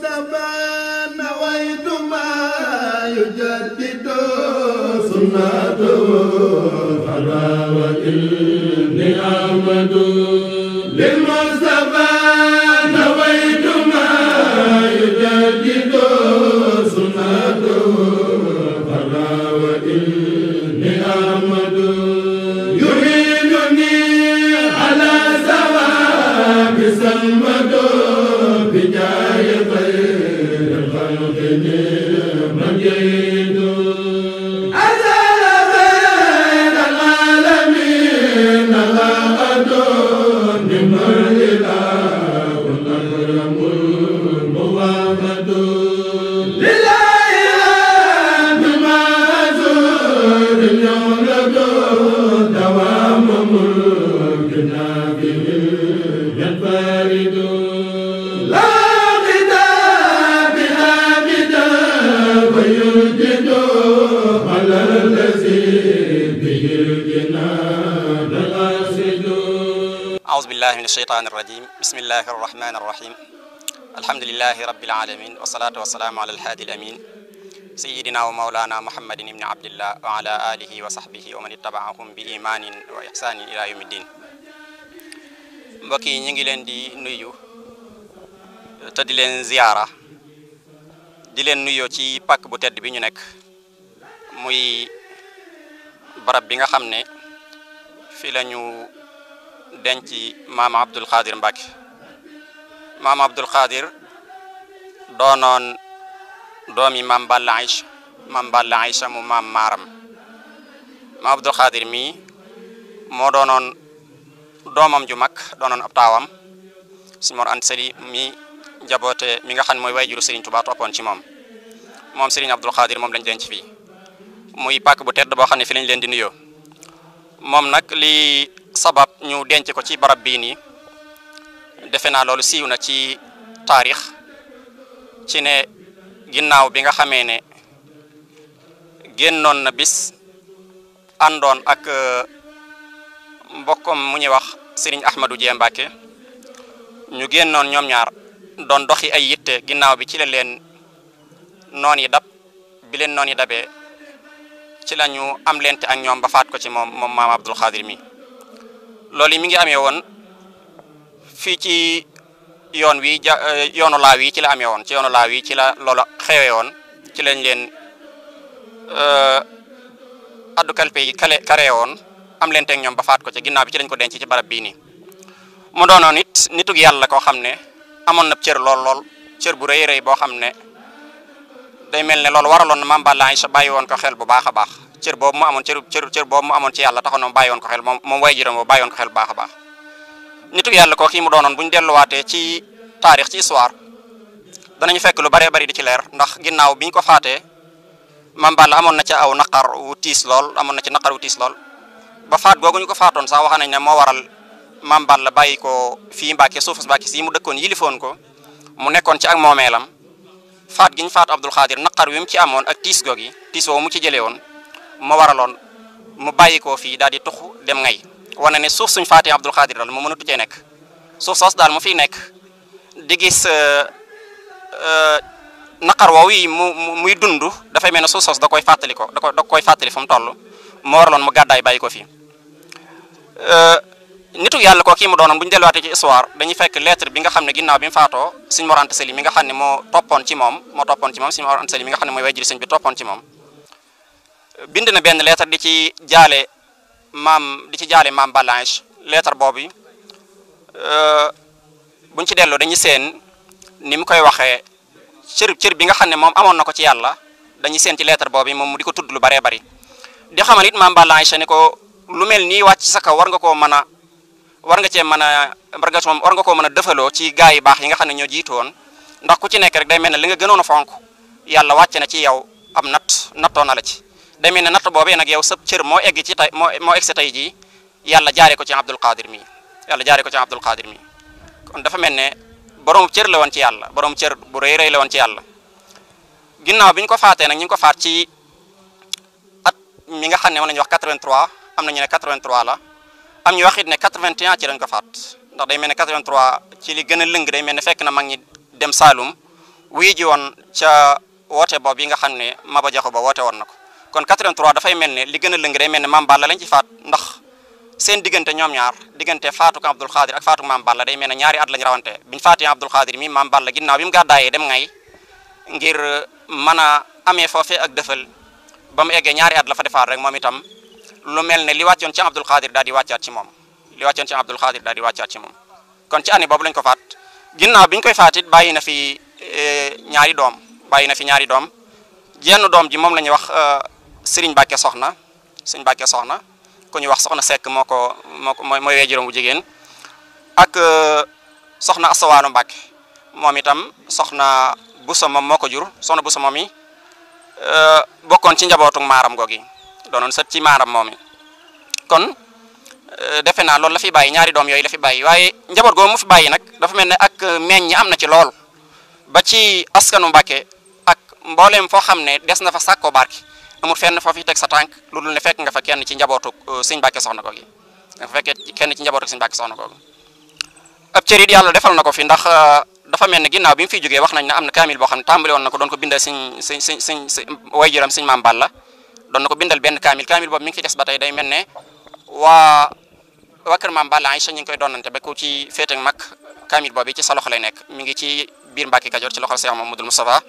المصطفى نويت ما يجدد سنته فلا وإني أحمد للمصطفى نويت ما يجدد سنته فلا وإني billahi min asheytaan irrajim bismillahi arrahmani irrahim alhamdulilahi rabilalamin wasalatu wasalaamu ala alhaadi alamin sayidina wa maulana muhammadin ibni abdillah wa ala alihi wa wa man ittabaahum bi imaanin wa ihsaanin ila yawmi ddin yi ñu ngi leen di nuyu te di leen ziyaara di leen nuyoo ci pàkk bu tedd bi ñu nekk muy barab bi nga xam ne fi lañu denc maam Abdul Xaadir Mbàkke maam Abdul Xaadir doonoon doomi maam Balla Aïcha maam mu maam maaram maam Abdul Xaadir mii moo doonoon doomam ju mag doonoon ab taawam si Mor Anta Sali mi jaboote mi nga xam ne mooy waajuru Serigne Touba toppoon ci moom moom Serigne Abdul Xaadir moom lañ denc fii muy pàkk bu tedd boo xam ne fi lañ leen di nuyoo moom nag li sabab ñu denc ko ci barab bii nii defe naa loolu siiw na ci taarix ci ne ginnaaw bi nga xamee ne génnoon na bis àndoon ak euh, mbokkam mu ñuy wax Serigne Ahmadou Dieng Mbacké ñu génnoon ñoom ñaar doon doxi ay yitte ginnaaw bi ci la leen noon yi dab bi leen noon yi dabee ci la ñu am lente ak ñoom ba faat ko ci moom moom maam Abdul Xaadir mi loolu mi ngi amee woon fii ci yoon wi ja eh, yoonu laaw yi ci la amee woon ci yoonu laaw yi ci la loola xewee woon ci lañ leen eh, addu kalpe yi kale karee woon am leen teeg ñoom ba faat ko ci ginnaaw bi ci lañ ko denc ci barab bii nii mu doonoon it nitug yàlla koo xam ne amoon na cër lool lool cër bu rëy rëy boo xam ne day mel ne loolu waraloon na maam Balla Aïcha bàyyi woon ko xel bu baax a baax cer boobu mu amoon cër cër cër boobu mu yàlla taxoon mu bàyyi woon ko xel moom way jëram boobu bàyyi woon ko xel bu baax a baax nitu yàlla ko kii mu doonoon bu ñu delluwaatee ci taarix ci histoire danañu fekk lu bëree bëri di ci leer ndax ginnaaw bi ñu ko faatee Mame Balla amoon na ci aw naqar wu tiis lool amoon na ci naqar wu tiis lool ba faat googu ñu ko faatoon sax wax nañ ne moo waral Mame Balla bàyyi ko fii Mbàkke suufus Mbàkke si mu dëkkoon yilifoon ko mu nekkoon ci ak moomeelam faat gi ñu faat Abdul Xaadir naqar wi mu ci amoon ak tiis googi tiis woowu mu ci jëlee woon ma waraloon mu bàyyi ko fii daal di tux dem ngay wane ne suuf suñ faatee Abdul Xaadir daal mu mënatu cee nekk suuf soos daal mu fiy nekk di gis euh, euh, naqar woowu yi mu muy dund dafay mel ne suuf soos da koy fàttali ko da koy da koy fàttali toll moo waraloon mu gàddaay bàyyi ko fii. Euh, nitu yàlla ko kii mu doonoon bu ñu delluwaatee ci histoire dañuy fekk lettre bi nga xam ne ginnaaw bi mu faatoo Sëñ Mor Anta Sali mi nga xam ne moo toppoon ci bi toppoon ci bind na benn leetar di ci jaale maam di ci jaale maam Balanche leetar boobu euh, buñ ci delloo dañuy seen ni mu koy waxee cër cër bi nga xam ne moom amoon na ko ci yàlla dañuy seen ci leetar boobu moom mu di ko tudd lu baree bari di xamal it maam Balanche ne ko lu mel nii wàcc sa kaw war nga koo mën a war nga cee mën a war nga war nga koo mën a defaloo ci gaa yi baax yi nga xam ne ñoo jiitu woon ndax ku ci nekk rek day mel ne li nga gënoon a fonk yàlla wàcc na ci yow am natt nattoon na la ci. demee ne natt boobee nag yow sab cër moo egg ci tay moo moo egg si tey jii yàlla jaaree ko ci Abdul Qadir mi yàlla jaare ko ci Abdul Qadir mi kon dafa mel ne borom cër la woon ci yàlla borom cër bu rëy rëy la woon ci yàlla ginnaaw bi ñu ko faatee nag ñu ngi ko faat ci at mi nga xam ne moom la wax 83 am na ñu ne 83 la am ñu it ne 81 ci lañ ko faat ndax day mel ne 83 ci li gën a lëng day mel ne fekk na mag ñi dem Saalum wii ji woon ca woote boob yi nga xam ne Maba Jaxu Ba woote woon na ko. kon 83 dafay mel ne li gën a lëng day mel ne maam Balla lañ ci faat ndax seen diggante ñoom ñaar diggante faatu ko Abdul Xaadir ak faatu maam Balla day mel ne ñaari at lañ rawante biñ faatee Abdul Xaadir mi maam Balla ginnaaw bi mu a amee foofee ak dëfal ba mu eggee ñaari at la fa defaat rek moom itam lu mel ne li wàccoon ci Abdul Xaadir daal di wàccaat ci moom li wàccoon ci Abdul Xaadir daal di ci moom kon ci boobu lañ ko faat ginnaaw biñ koy faat it bàyyi na fi eh, ñaari doom bàyyi na fi ñaari doom jenn doom ji moom la ñuy wax euh, Serigne Bakke Soxna Serigne Bakke Soxna ku ñuy wax Soxna Seck moo ko moo ko mooy wejuram bu jigéen ak euh, Soxna Asawaanu Mbakke moom itam Soxna Bousso moom moo ko jur Soxna Bousso moom mi euh, bokkoon ci njabootu maaram googi doonoon sët ci maaram moom kon euh, defe naa loolu la fi bàyyi ñaari doom yooyu la fi bàyyi waaye njaboot googu mu fi bàyyi nag dafa mel ne ak meññ am na ci lool ba ci askanu Mbàkke ak mboolem foo xam ne des na fa sàkkoo barke amul fenn foofu teg sa tànk lu dul ne fekk nga fa kenn ci njabootu euh, sëñ Mbàkke soxna koogi nga fa kenn ci njabootu sëñ Mbàkke soxna koogi ab cër it yàlla defal na ko fi ndax euh, dafa mel ne ginnaaw bi mu jógee wax nañ ne am na kaamil boo xam ne tàmbali ko doon ko bindal sëñ sëñ sëñ sëñ waajuram sëñ maam Balla doon na ko bindal benn kaamil kaamil boobu mi ngi fi des ba tey day mel ne waa waa kër maam Balla Aïcha ñu ngi koy doonante ba ku ci féete mag kaamil boobu ci sa loxo lay nekk mi ngi ci biir Mbàkke Kajoor ci loxol Cheikh Mamadou Moustapha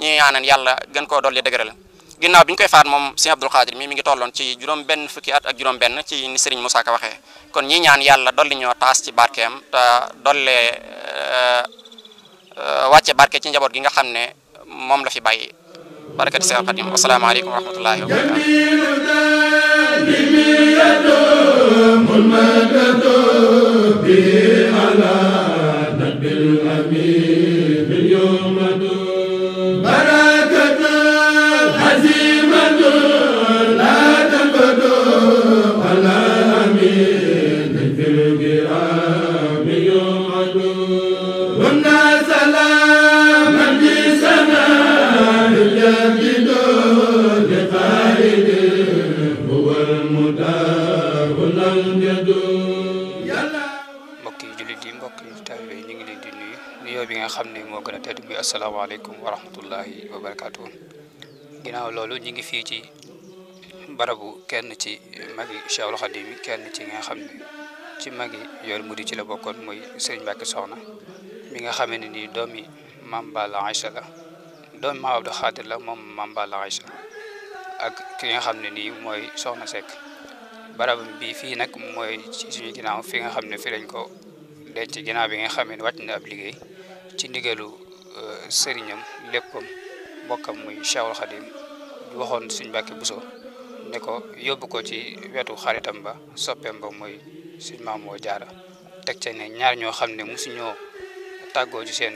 ñu ñaanal yàlla gën koo dolli dëgëral ginnaaw bi ñu koy faat moom Serigne Abdou Khadre mi mi ngi tolloon ci juróom benn fukki at ak juróom benn ci ni Serigne Moussa Ka waxee kon ñi ñaan yàlla dolli ñoo taas ci barkeem te dollee eh, eh, wàcce barke ci njaboot gi nga xam ne moom la fi bay barakati Serigne Khadim wasalaamaaleykum wa rahmatullahi wa barakatuh gën a muy asalaamaaleykum wa rahmatullahi wa barakaatu. ginnaaw loolu ñu ngi fii ci barabu kenn ci magi Cheikhul Khadim kenn ci nga xam ne ci magi yoon mu di ci la bokkoon muy Serigne Mbacké Soxna mi nga xamee ne nii doomi la doomi Mame la moom Mame ak ki nga xam ne nii mooy Soxna sekk barab bii fii nag mooy ci suñu ginnaaw fi nga xam ne fi lañ ko denc ginnaaw bi nga xam ne wàcc na ab liggéey ci ndigalu euh, sëriñam léppam mbokkam muy Cheikhul Khadim waxoon suñ Mbàkke Buso ne ko yóbbu ko ci wetu xaritam ba soppeem ba mooy suñ Maamoo Jaara teg ca ne ñaar ñoo xam ne musuñoo tàggoo ci seen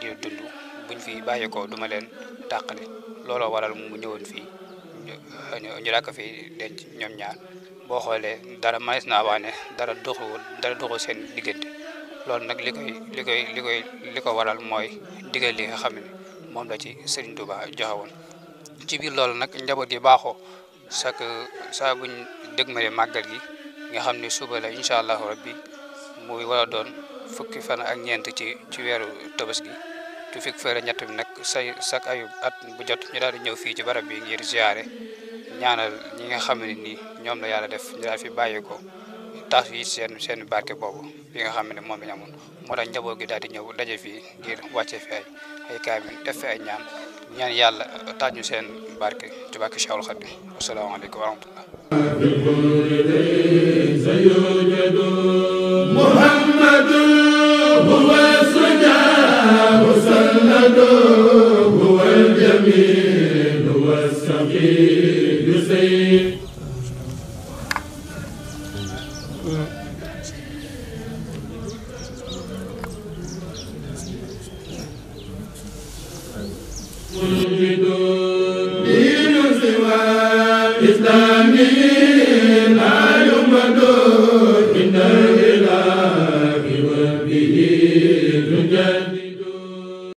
di dund buñ fi bàyyi ko duma leen tàqale looloo waral mu ñëwoon fii ñu dàkk fi denc ñoom ñaar boo xoolee dara manees naa wax ne dara doxuwul dara doxu seen diggante loolu nag li koy li koy li koy li ko waral mooy digal li nga xam ne moom la ci Serigne Touba joxe woon ci biir loolu nag njaboot gi baaxoo chaque saa buñ dëgmale màggal gi nga xam ni suba la incha allahu rabbi muy war a doon fukki fan ak ñeent ci ci weeru Tabaski tu fekk fële ñett bi nag say sak ayu at bu jot ñu daal di ñëw fii ci barab bi ngir ziyaare ñaanal ñi nga xam ne nii ñoom la yàlla def ñu fi bàyyi taas yi seen seen barke boobu bi nga xam ne moom bi amoon moo tax njaboot gi daal di ñëw daje fii ngir wàcce fi ay ay kaamil def fi ay ñaan ñaan yàlla taaj ñu seen barke ci barke Cheikhul Khadim wasalaamaaleykum wa rahmatullah Muhammadun huwa Sunu